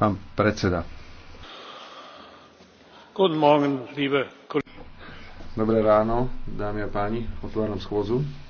Pán predseda. Dobré ráno, dámy a páni, otváram schôdzu.